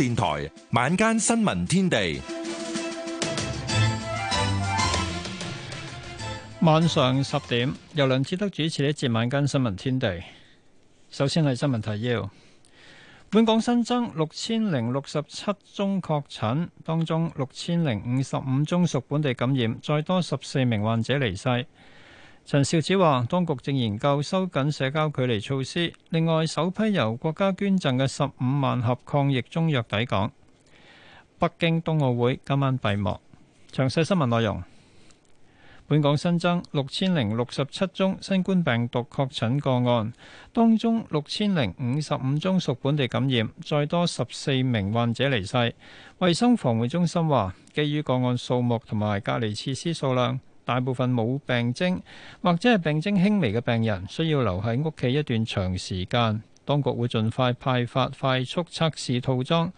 電台晚間新聞天地，晚上十點由梁志德主持呢一節晚間新聞天地。首先係新聞提要：本港新增六千零六十七宗確診，當中六千零五十五宗屬本地感染，再多十四名患者離世。陳肇始話：當局正研究收緊社交距離措施。另外，首批由國家捐贈嘅十五萬盒抗疫中藥抵港。北京冬奧會今晚閉幕。詳細新聞內容。本港新增六千零六十七宗新冠病毒確診個案，當中六千零五十五宗屬本地感染，再多十四名患者離世。衞生防護中心話：基於個案數目同埋隔離設施數量。大部分冇病徵或者係病徵輕微嘅病人，需要留喺屋企一段長時間。當局會盡快派發快速測試套裝。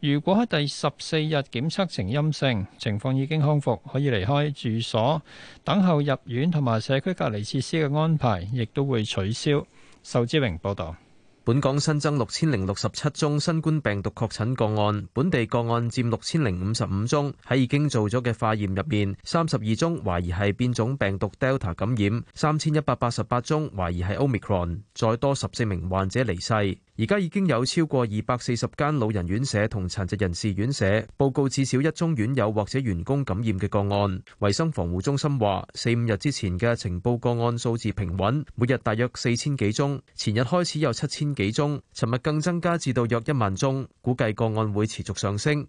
如果喺第十四日檢測呈陰性，情況已經康復，可以離開住所，等候入院同埋社區隔離設施嘅安排，亦都會取消。仇志榮報道。本港新增六千零六十七宗新冠病毒確診個案，本地個案佔六千零五十五宗。喺已經做咗嘅化驗入面，三十二宗懷疑係變種病毒 Delta 感染，三千一百八十八宗懷疑係 Omicron，再多十四名患者離世。而家已經有超過二百四十間老人院舍同殘疾人士院舍報告至少一宗院友或者員工感染嘅個案。衞生防護中心話，四五日之前嘅呈報個案數字平穩，每日大約四千幾宗。前日開始有七千幾宗，尋日更增加至到約一萬宗，估計個案會持續上升。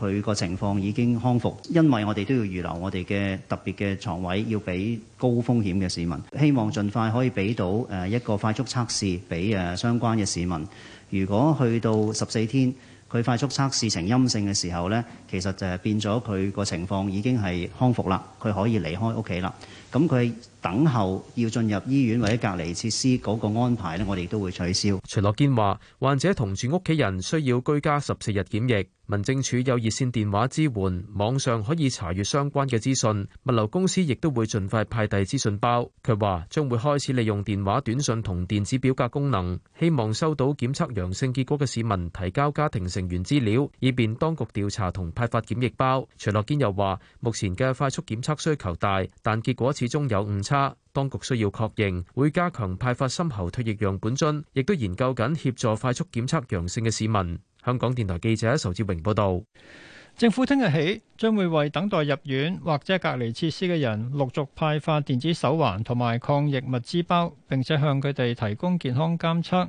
佢個情況已經康復，因為我哋都要預留我哋嘅特別嘅床位，要俾高風險嘅市民。希望盡快可以俾到誒一個快速測試俾誒相關嘅市民。如果去到十四天，佢快速測試呈陰性嘅時候呢，其實就係變咗佢個情況已經係康復啦，佢可以離開屋企啦。咁佢等候要進入醫院或者隔離設施嗰個安排咧，我哋都會取消。徐樂堅話：患者同住屋企人需要居家十四日檢疫。民政處有熱線電話支援，網上可以查閱相關嘅資訊。物流公司亦都會盡快派遞資訊包。佢話將會開始利用電話、短信同電子表格功能，希望收到檢測陽性結果嘅市民提交家庭成員資料，以便當局調查同派發檢疫包。徐樂堅又話：目前嘅快速檢測需求大，但結果始終有誤。他當局需要確認，會加強派發深喉唾液樣本樽，亦都研究緊協助快速檢測陽性嘅市民。香港電台記者仇志榮報導，政府聽日起將會為等待入院或者隔離設施嘅人，陸續派發電子手環同埋抗疫物資包，並且向佢哋提供健康監測、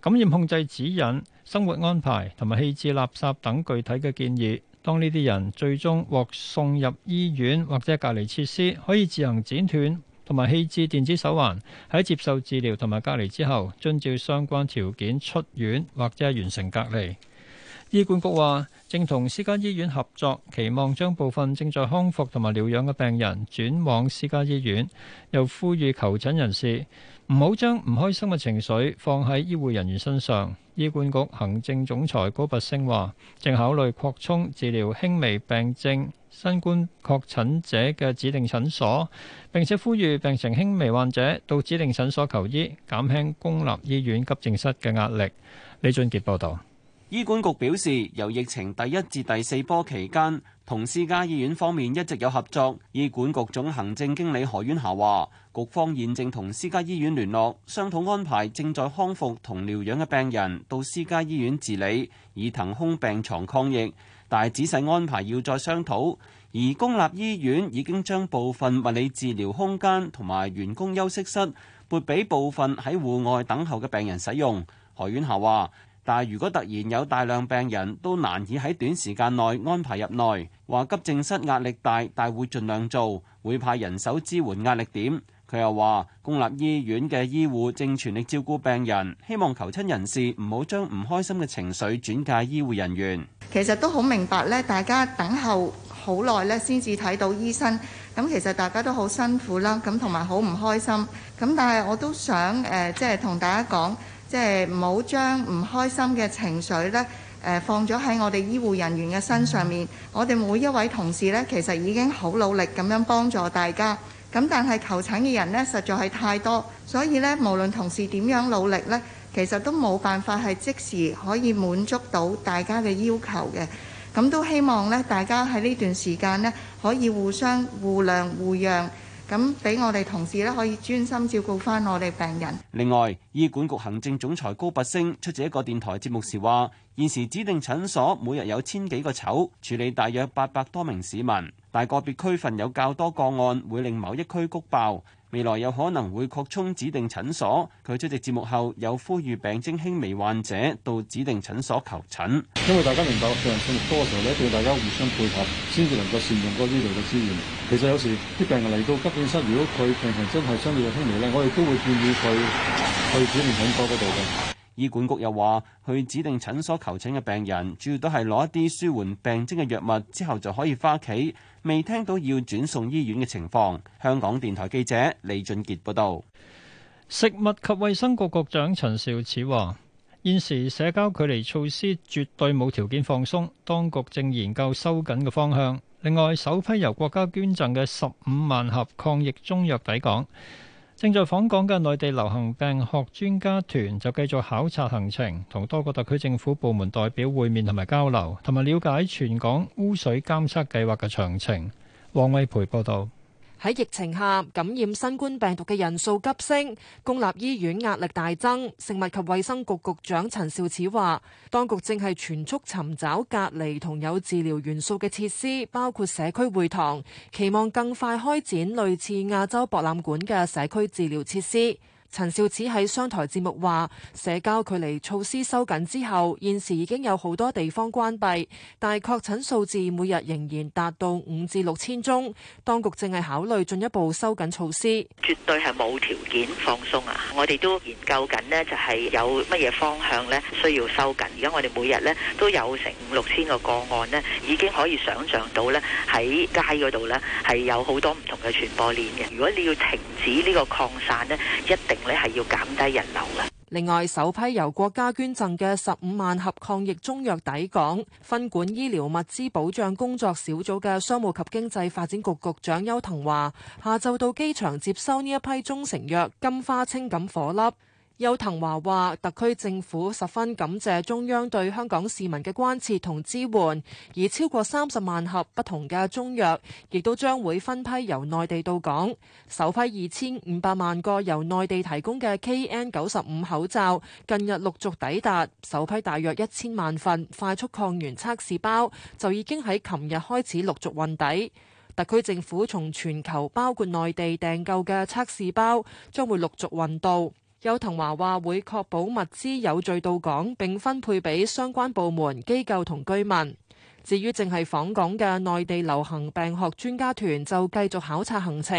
感染控制指引、生活安排同埋棄置垃圾等具體嘅建議。當呢啲人最終獲送入醫院或者隔離設施，可以自行剪斷。同埋棄置電子手環喺接受治療同埋隔離之後，遵照相關條件出院或者係完成隔離。醫管局話，正同私家醫院合作，期望將部分正在康復同埋療養嘅病人轉往私家醫院。又呼籲求診人士唔好將唔開心嘅情緒放喺醫護人員身上。醫管局行政總裁高拔昇話，正考慮擴充治療輕微病症新冠確診者嘅指定診所，並且呼籲病情輕微患者到指定診所求醫，減輕公立醫院急症室嘅壓力。李俊傑報導。醫管局表示，由疫情第一至第四波期間，同私家醫院方面一直有合作。醫管局總行政經理何婉霞話，局方現正同私家醫院聯絡，商討安排正在康復同療養嘅病人到私家醫院治理，以騰空病床抗疫。但係仔細安排要再商討。而公立醫院已經將部分物理治療空間同埋員工休息室撥俾部分喺戶外等候嘅病人使用。何婉霞話。但係，如果突然有大量病人，都難以喺短時間內安排入內，話急症室壓力大，但會盡量做，會派人手支援壓力點。佢又話，公立醫院嘅醫護正全力照顧病人，希望求親人士唔好將唔開心嘅情緒轉嫁醫護人員。其實都好明白咧，大家等候好耐咧，先至睇到醫生，咁其實大家都好辛苦啦，咁同埋好唔開心。咁但係我都想誒，即係同大家講。即係唔好將唔開心嘅情緒呢，誒放咗喺我哋醫護人員嘅身上面。我哋每一位同事呢，其實已經好努力咁樣幫助大家。咁但係求診嘅人呢，實在係太多，所以呢，無論同事點樣努力呢，其實都冇辦法係即時可以滿足到大家嘅要求嘅。咁都希望呢，大家喺呢段時間呢，可以互相互諒互讓。咁俾我哋同事咧可以專心照顧翻我哋病人。另外，醫管局行政總裁高拔昇出席一個電台節目時話，現時指定診所每日有千幾個籌，處理大約八百多名市民。但個別區份有較多個案，會令某一區谷爆。未來有可能會擴充指定診所。佢出席節目後又呼籲病徵輕微患者到指定診所求診。因為大家明白病人數多嘅時候咧，要大家互相配合，先至能夠善用嗰啲醫療嘅資源。其實有時啲病人嚟到急症室，如果佢病情真係相對嘅輕微咧，我哋都會建議佢去指定診所嗰度嘅。醫管局又話，去指定診所求診嘅病人，主要都係攞一啲舒緩病徵嘅藥物，之後就可以返屋企。未聽到要轉送醫院嘅情況。香港電台記者李俊傑報道，食物及衛生局局長陳肇始話：現時社交距離措施絕對冇條件放鬆，當局正研究收緊嘅方向。另外，首批由國家捐贈嘅十五萬盒抗疫中藥抵港。正在訪港嘅內地流行病學專家團就繼續考察行程，同多個特區政府部門代表會面同埋交流，同埋了解全港污水監測計劃嘅詳情。黃偉培報道。喺疫情下感染新冠病毒嘅人數急升，公立醫院壓力大增。食物及衛生局局長陳肇始話，當局正係全速尋找隔離同有治療元素嘅設施，包括社區會堂，期望更快開展類似亞洲博覽館嘅社區治療設施。陳肇始喺商台節目話：社交距離措施收緊之後，現時已經有好多地方關閉，但係確診數字每日仍然達到五至六千宗，當局正係考慮進一步收緊措施。絕對係冇條件放鬆啊！我哋都研究緊呢，就係有乜嘢方向呢需要收緊。而家我哋每日呢都有成五六千個個案呢，已經可以想像到呢，喺街嗰度呢係有好多唔同嘅傳播鏈嘅。如果你要停止呢個擴散呢，一定。你係要減低人流啦。另外，首批由國家捐贈嘅十五萬盒抗疫中藥抵港，分管醫療物資保障工作小組嘅商務及經濟發展局局長邱騰華話，下晝到機場接收呢一批中成藥金花清感顆粒。邱騰華話，特區政府十分感謝中央對香港市民嘅關切同支援，而超過三十萬盒不同嘅中藥，亦都將會分批由內地到港。首批二千五百萬個由內地提供嘅 KN 九十五口罩，近日陸續抵達。首批大約一千萬份快速抗原測試包就已經喺琴日開始陸續運抵。特區政府從全球包括內地訂購嘅測試包，將會陸續運到。邱騰華話會確保物資有序到港，並分配俾相關部門、機構同居民。至於淨係訪港嘅內地流行病學專家團就繼續考察行程，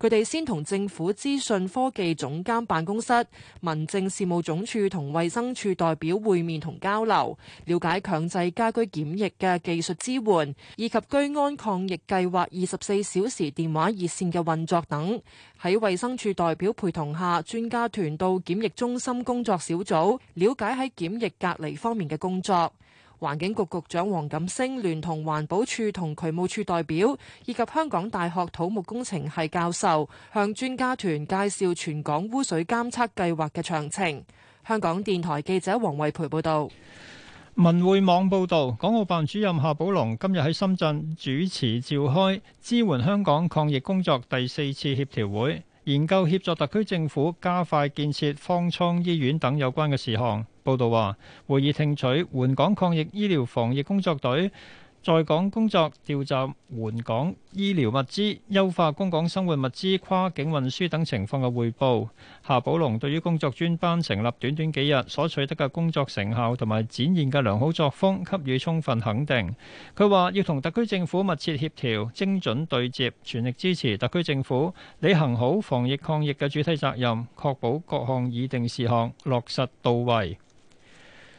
佢哋先同政府資訊科技總監辦公室、民政事務總署同衞生署代表會面同交流，了解強制家居檢疫嘅技術支援以及居安抗疫計劃二十四小時電話熱線嘅運作等。喺衞生署代表陪同下，專家團到檢疫中心工作小組，了解喺檢疫隔離方面嘅工作。環境局局長黃錦星，聯同環保署同渠務處代表，以及香港大學土木工程系教授，向專家團介紹全港污水監測計劃嘅詳情。香港電台記者黃惠培報道。文匯網報道，港澳辦主任夏寶龍今日喺深圳主持召開支援香港抗疫工作第四次協調會，研究協助特區政府加快建設方艙醫院等有關嘅事項。報道話，會議聽取援港抗疫醫療防疫工作隊在港工作、調集援港醫療物資、優化供港生活物資跨境運輸等情況嘅彙報。夏寶龍對於工作專班成立短短幾日所取得嘅工作成效同埋展現嘅良好作風給予充分肯定。佢話要同特區政府密切協調、精準對接，全力支持特區政府履行好防疫抗疫嘅主體責任，確保各項已定事項落實到位。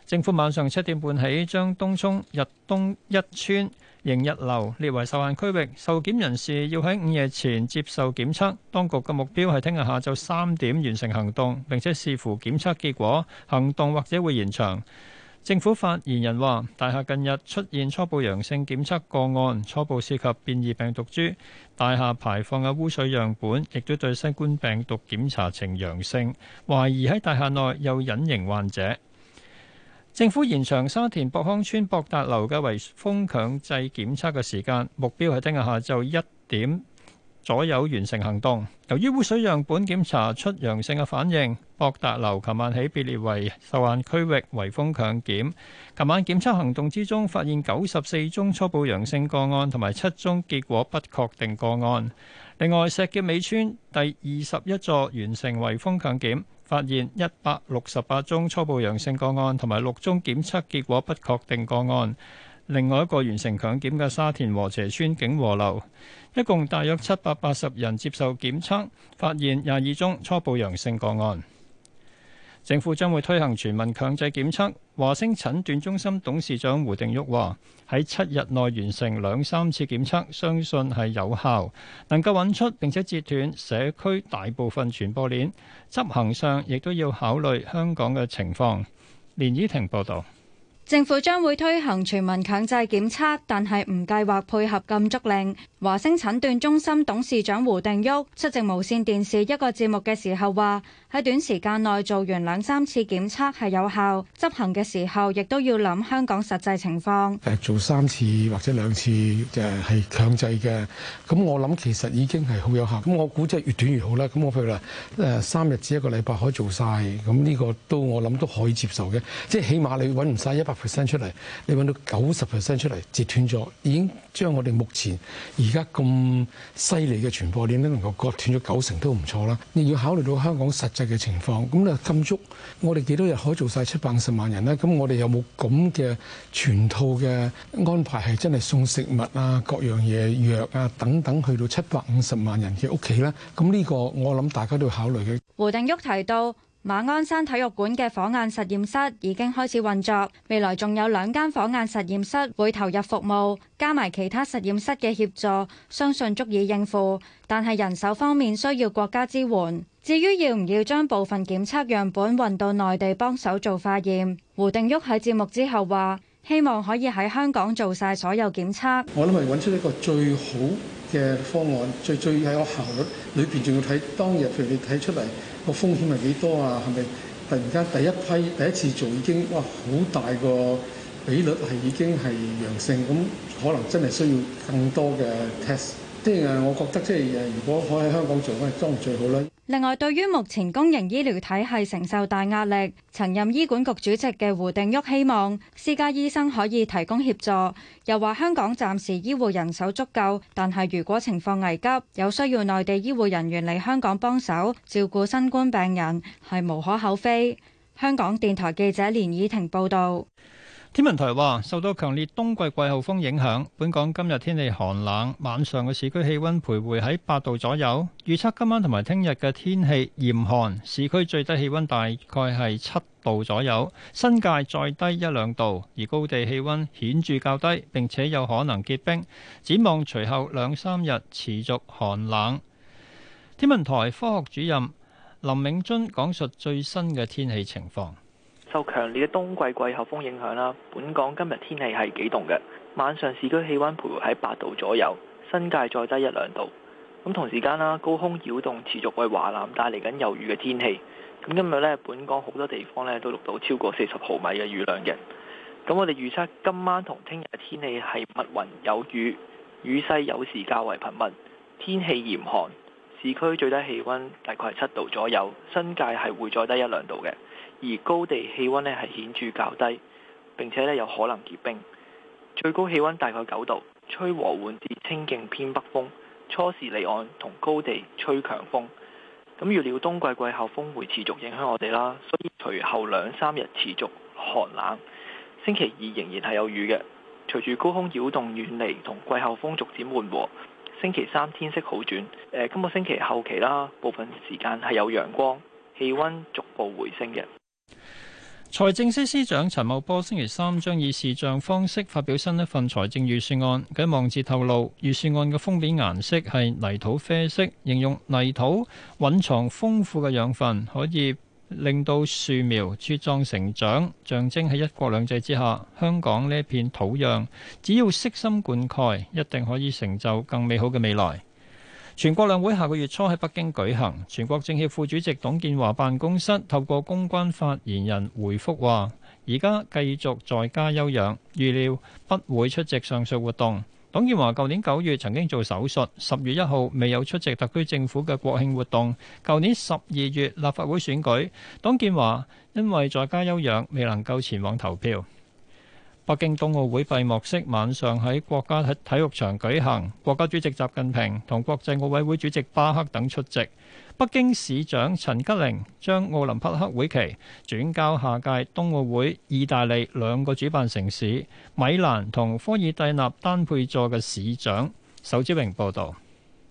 政府晚上七點半起將東涌逸東一邨盈逸樓列為受限區域，受檢人士要喺午夜前接受檢測。當局嘅目標係聽日下晝三點完成行動，並且視乎檢測結果行動或者會延長。政府發言人話：大廈近日出現初步陽性檢測個案，初步涉及變異病毒株。大廈排放嘅污水樣本亦都對新冠病毒檢查呈陽性，懷疑喺大廈內有隱形患者。政府延長沙田博康村博達樓嘅圍封強制檢測嘅時間，目標係聽日下晝一點左右完成行動。由於污水樣本檢查出陽性嘅反應，博達樓琴晚起被列為受限區域圍封強檢。琴晚檢測行動之中，發現九十四宗初步陽性個案同埋七宗結果不確定個案。另外，石硤尾村第二十一座完成圍封強檢。發現一百六十八宗初步陽性個案同埋六宗檢測結果不確定個案。另外一個完成強檢嘅沙田禾輋邨景和樓，一共大約七百八十人接受檢測，發現廿二宗初步陽性個案。政府將會推行全民強制檢測。華星診斷中心董事長胡定旭話：喺七日內完成兩三次檢測，相信係有效，能夠揾出並且截斷社區大部分傳播鏈。執行上亦都要考慮香港嘅情況。連依婷報道。政府將會推行全民強制檢測，但係唔計劃配合禁足令。華星診斷中心董事長胡定旭出席無綫電視一個節目嘅時候話，喺短時間內做完兩三次檢測係有效。執行嘅時候亦都要諗香港實際情況誒做三次或者兩次誒係強制嘅，咁我諗其實已經係好有效。咁我估計越短越好啦。咁我譬如話誒三日至一個禮拜可以做晒，咁呢個都我諗都可以接受嘅。即係起碼你揾唔晒一百。percent 出嚟，你揾到九十 percent 出嚟，截斷咗，已經將我哋目前而家咁犀利嘅傳播鏈都能夠割斷咗，九成都唔錯啦。你要考慮到香港實際嘅情況，咁啊禁足，我哋幾多日可以做晒七百五十萬人咧？咁我哋有冇咁嘅全套嘅安排係真係送食物啊、各樣嘢、藥啊等等去到七百五十萬人嘅屋企咧？咁呢個我諗大家都要考慮嘅。胡定旭提到。馬鞍山體育館嘅火眼實驗室已經開始運作，未來仲有兩間火眼實驗室會投入服務，加埋其他實驗室嘅協助，相信足以應付。但係人手方面需要國家支援。至於要唔要將部分檢測樣本運到內地幫手做化驗，胡定旭喺節目之後話：希望可以喺香港做晒所有檢測。我諗係揾出一個最好嘅方案，最最係個效率裏邊，仲要睇當日譬如你睇出嚟個風險係幾多啊？係咪突然間第一批第一次做已經哇好大個比率係已經係陽性？咁可能真係需要更多嘅 test。即係我覺得即係如果我喺香港做，當然最好啦。另外，對於目前公營醫療體系承受大壓力，曾任醫管局主席嘅胡定旭希望私家醫生可以提供協助。又話香港暫時醫護人手足夠，但係如果情況危急，有需要內地醫護人員嚟香港幫手照顧新冠病人，係無可厚非。香港電台記者連以婷報導。天文台話，受到強烈冬季季候風影響，本港今日天氣寒冷，晚上嘅市區氣温徘徊喺八度左右。預測今晚同埋聽日嘅天氣嚴寒，市區最低氣温大概係七度左右，新界再低一兩度，而高地氣温顯著較低，並且有可能結冰。展望隨後兩三日持續寒冷。天文台科學主任林永津講述最新嘅天氣情況。受強烈嘅冬季季候風影響啦，本港今日天，天氣係幾凍嘅，晚上市區氣溫徘徊喺八度左右，新界再低一兩度。咁同時間啦，高空擾動持續為華南帶嚟緊有雨嘅天氣。咁今日呢，本港好多地方呢都錄到超過四十毫米嘅雨量嘅。咁我哋預測今晚同聽日嘅天氣係密雲有雨，雨勢有時較為頻密，天氣嚴寒，市區最低氣温大概係七度左右，新界係會再低一兩度嘅。而高地氣温咧係顯著較低，並且咧有可能結冰。最高氣温大概九度，吹和緩至清勁偏北風。初時離岸同高地吹強風。咁預料冬季季候風會持續影響我哋啦，所以隨後兩三日持續寒冷。星期二仍然係有雨嘅，隨住高空擾動遠離同季候風逐漸緩和，星期三天色好轉。呃，今個星期後期啦，部分時間係有陽光，氣温逐步回升嘅。財政司司長陳茂波星期三將以視像方式發表新一份財政預算案。佢喺網誌透露，預算案嘅封面顏色係泥土啡色，形容泥土蘊藏豐富嘅養分，可以令到樹苗茁壯成長，象徵喺一國兩制之下，香港呢一片土壤，只要悉心灌溉，一定可以成就更美好嘅未來。全國兩會下個月初喺北京舉行，全國政協副主席董建華辦公室透過公關發言人回覆話：而家繼續在家休養，預料不會出席上述活動。董建華舊年九月曾經做手術，十月一號未有出席特區政府嘅國慶活動。舊年十二月立法會選舉，董建華因為在家休養，未能夠前往投票。北京冬奧會閉幕式晚上喺國家體育場舉行，國家主席習近平同國際奧委會主席巴赫等出席。北京市長陳吉寧將奧林匹克會旗轉交下屆冬奧會意大利兩個主辦城市米蘭同科爾蒂納丹佩佐嘅市長。仇志榮報道。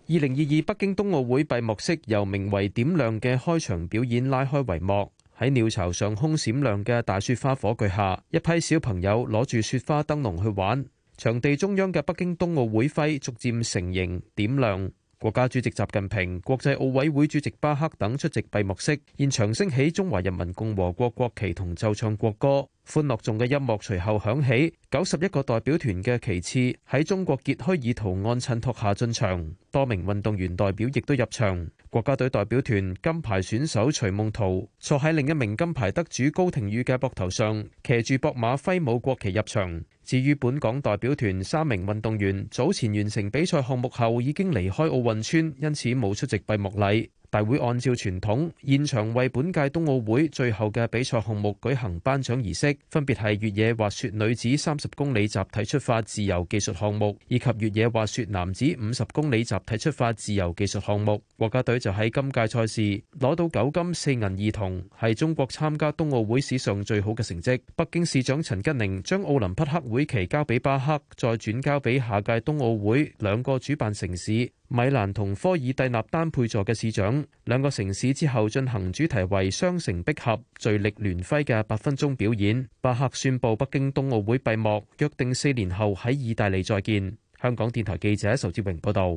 二零二二北京冬奧會閉幕式由名為《點亮》嘅開場表演拉開帷幕。喺鳥巢上空閃亮嘅大雪花火炬下，一批小朋友攞住雪花燈籠去玩。場地中央嘅北京冬奧會徽逐漸成形，點亮。國家主席習近平、國際奧委會主席巴赫等出席閉幕式，現場升起中華人民共和國國旗同奏唱國歌。歡樂頌嘅音樂隨後響起，九十一個代表團嘅旗幟喺中國結虛擬圖案襯托下進場，多名運動員代表亦都入場。國家隊代表團金牌選手徐夢桃坐喺另一名金牌得主高亭宇嘅膊頭上，騎住膊馬揮舞國旗入場。至於本港代表團三名運動員，早前完成比賽項目後已經離開奧運村，因此冇出席閉幕禮。大會按照傳統現場為本屆冬奧會最後嘅比賽項目舉行頒獎儀式，分別係越野滑雪女子三十公里集體出發自由技術項目，以及越野滑雪男子五十公里集體出發自由技術項目。國家隊就喺今屆賽事攞到九金四銀二銅，係中國參加冬奧會史上最好嘅成績，北京市長陳吉寧將奧林匹克會旗交俾巴克，再轉交俾下屆冬奧會兩個主辦城市。米蘭同科爾蒂納丹佩佐嘅市長，兩個城市之後進行主題為“雙城璧合，聚力聯輝”嘅八分鐘表演。巴赫宣布北京冬奧會閉幕，約定四年後喺意大利再見。香港電台記者仇志榮報道。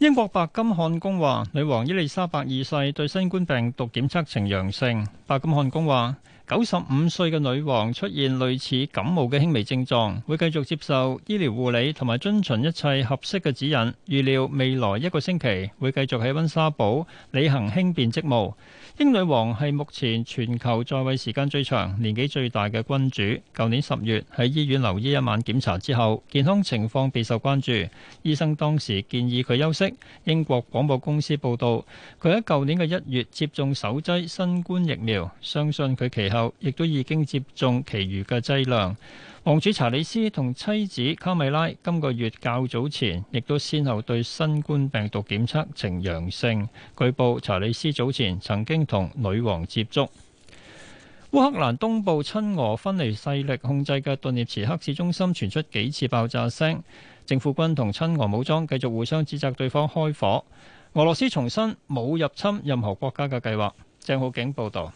英國白金漢宮話，女王伊麗莎白二世對新冠病毒檢測呈陽性。白金漢宮話。九十五歲嘅女王出現類似感冒嘅輕微症狀，會繼續接受醫療護理同埋遵循一切合適嘅指引。預料未來一個星期會繼續喺溫莎堡履行輕便職務。英女王係目前全球在位時間最長、年紀最大嘅君主。舊年十月喺醫院留醫一晚檢查之後，健康情況備受關注。醫生當時建議佢休息。英國廣播公司報導，佢喺舊年嘅一月接種首劑新冠疫苗，相信佢其。亦都已經接種其餘嘅劑量。王儲查理斯同妻子卡米拉今個月較早前，亦都先後對新冠病毒檢測呈陽性。據報查理斯早前曾經同女王接觸。烏克蘭東部親俄分離勢力控制嘅頓涅茨克市中心傳出幾次爆炸聲，政府軍同親俄武裝繼續互相指責對方開火。俄羅斯重申冇入侵任何國家嘅計劃。鄭浩景報導。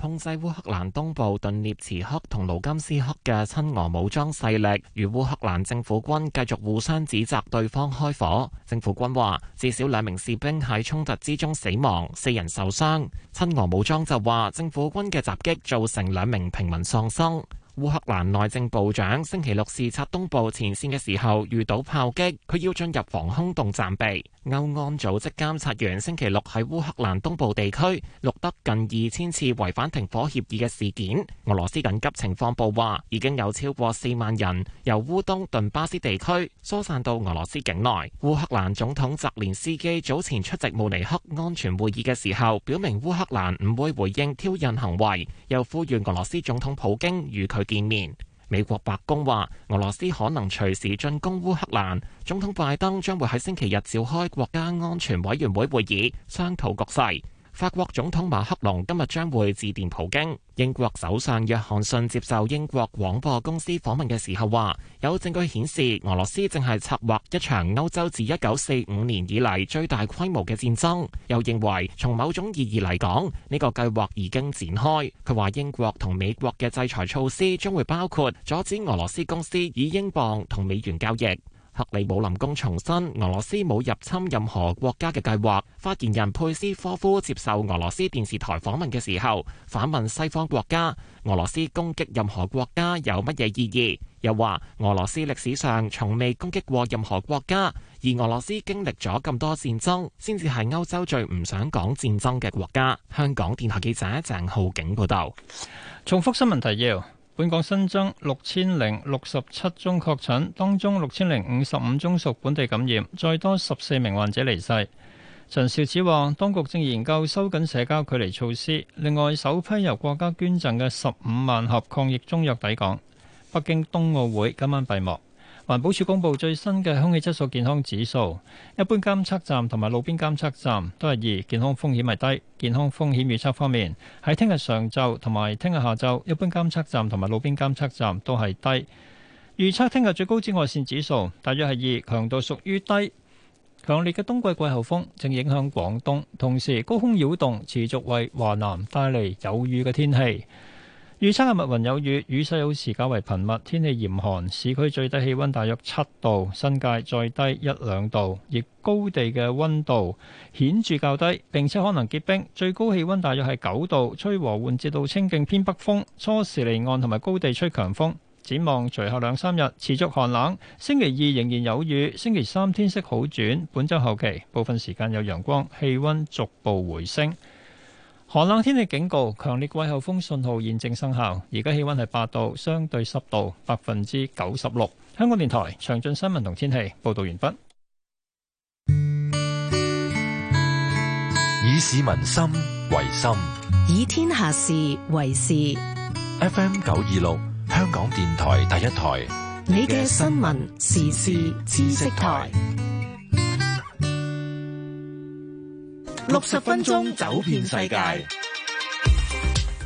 控制烏克蘭東部頓涅茨克同盧甘斯克嘅親俄武裝勢力，與烏克蘭政府軍繼續互相指責對方開火。政府軍話至少兩名士兵喺衝突之中死亡，四人受傷。親俄武裝就話政府軍嘅襲擊造成兩名平民喪生。烏克蘭內政部長星期六視察東部前線嘅時候遇到炮擊，佢要進入防空洞暫避。歐安組織監察員星期六喺烏克蘭東部地區錄得近二千次違反停火協議嘅事件。俄羅斯緊急情況部話已經有超過四萬人由烏東頓巴斯地區疏散到俄羅斯境內。烏克蘭總統澤連斯基早前出席慕尼黑安全會議嘅時候，表明烏克蘭唔會回應挑釁行為，又呼籲俄羅斯總統普京與佢見面。美國白宮話，俄羅斯可能隨時進攻烏克蘭。總統拜登將會喺星期日召開國家安全委員會會議，商討局勢。法國總統馬克龍今日將會致電普京。英國首相約翰遜接受英國廣播公司訪問嘅時候話，有證據顯示俄羅斯正係策劃一場歐洲自一九四五年以嚟最大規模嘅戰爭。又認為從某種意義嚟講，呢個計劃已經展開。佢話英國同美國嘅制裁措施將會包括阻止俄羅斯公司以英鎊同美元交易。克里姆林宮重申，俄羅斯冇入侵任何國家嘅計劃。發言人佩斯科夫接受俄羅斯電視台訪問嘅時候，反問西方國家：俄羅斯攻擊任何國家有乜嘢意義？又話俄羅斯歷史上從未攻擊過任何國家，而俄羅斯經歷咗咁多戰爭先至係歐洲最唔想講戰爭嘅國家。香港電台記者鄭浩景報道。重複新聞提要。本港新增六千零六十七宗確診，當中六千零五十五宗屬本地感染，再多十四名患者離世。陳肇始話當局正研究收緊社交距離措施。另外，首批由國家捐贈嘅十五萬盒抗疫中藥抵港。北京冬奧會今晚閉幕。環保署公布最新嘅空氣質素健康指數，一般監測站同埋路邊監測站都係二，健康風險係低。健康風險預測方面，喺聽日上晝同埋聽日下晝，一般監測站同埋路邊監測站都係低。預測聽日最高紫外線指數大約係二，強度屬於低。強烈嘅冬季季候風正影響廣東，同時高空擾動持續為華南帶嚟有雨嘅天氣。預測係密雲有雨，雨勢有時較為頻密，天氣嚴寒，市區最低氣溫大約七度，新界再低一兩度，亦高地嘅溫度顯著較低，並且可能結冰。最高氣溫大約係九度，吹和緩至到清勁偏北風，初時離岸同埋高地吹強風。展望隨後兩三日持續寒冷，星期二仍然有雨，星期三天色好轉，本週後期部分時間有陽光，氣溫逐步回升。寒冷天氣警告，強烈季候風信號現正生效。而家氣温係八度，相對濕度百分之九十六。香港電台詳盡新聞同天氣報道完畢。以市民心為心，以天下事為事。FM 九二六，香港電台第一台，你嘅新聞時事知識台。六十分鐘走遍世界。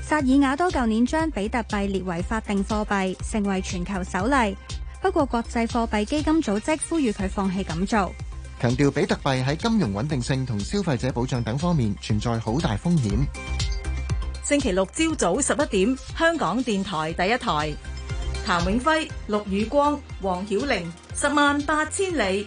薩爾瓦多舊年將比特幣列為法定貨幣，成為全球首例。不過國際貨幣基金組織呼籲佢放棄咁做，強調比特幣喺金融穩定性同消費者保障等方面存在好大風險。星期六朝早十一點，香港電台第一台。譚永輝、陸宇光、黃曉玲，十萬八千里。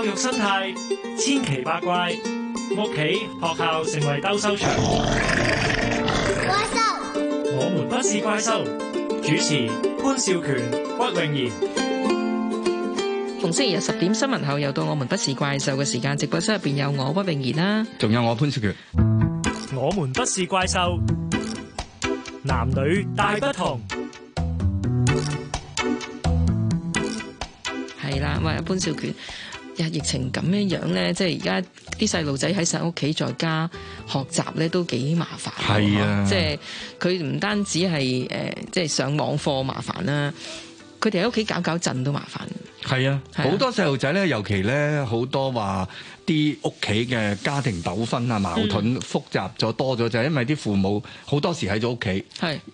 教育生態千奇百怪，屋企、學校成為鬥獸場。怪獸，我們不是怪獸。主持潘少權、屈穎妍。逢星期日十點新聞後，又到我們不是怪獸嘅時間。直播室入邊有我屈穎妍啦，仲有我潘少權。我們不是怪獸，男女大不同。係啦，喂，潘少權。日疫情咁樣樣咧，即係而家啲細路仔喺曬屋企在家學習咧，都幾麻煩。係是啊，即係佢唔單止係誒，即、呃、係、就是、上網課麻煩啦，佢哋喺屋企搞搞震都麻煩。係是啊，好是、啊、多細路仔咧，尤其咧好多話。啲屋企嘅家庭糾紛啊、矛盾複雜咗、嗯、多咗，就係因為啲父母好多時喺咗屋企，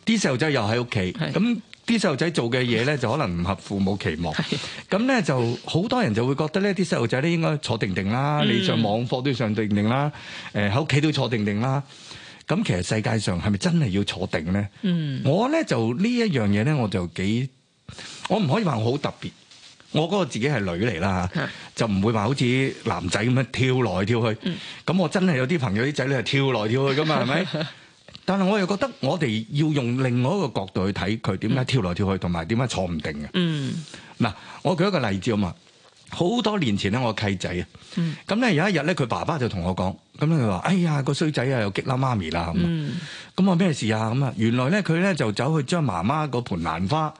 啲細路仔又喺屋企，咁啲細路仔做嘅嘢咧就可能唔合父母期望，咁咧是 就好多人就會覺得咧啲細路仔咧應該坐定定啦，嗯、你上網課都要上定定啦，誒喺屋企都要坐定定啦，咁其實世界上係咪真係要坐定咧？嗯，我呢，我咧就呢一樣嘢咧我就幾，我唔可以話我好特別。我嗰個自己係女嚟啦吓，就唔會話好似男仔咁樣跳來跳去。咁我真係有啲朋友啲仔女係跳來跳去噶嘛，係咪？但係我又覺得我哋要用另外一個角度去睇佢點解跳來跳去，同埋點解坐唔定嘅。嗱，我舉一個例子啊嘛。好多年前咧，我契仔啊，咁咧有一日咧，佢爸爸就同我講，咁咧佢話：哎呀，個衰仔啊，又激嬲媽咪啦咁啊！咁啊咩事啊咁啊？原來咧佢咧就走去將媽媽嗰盆蘭花。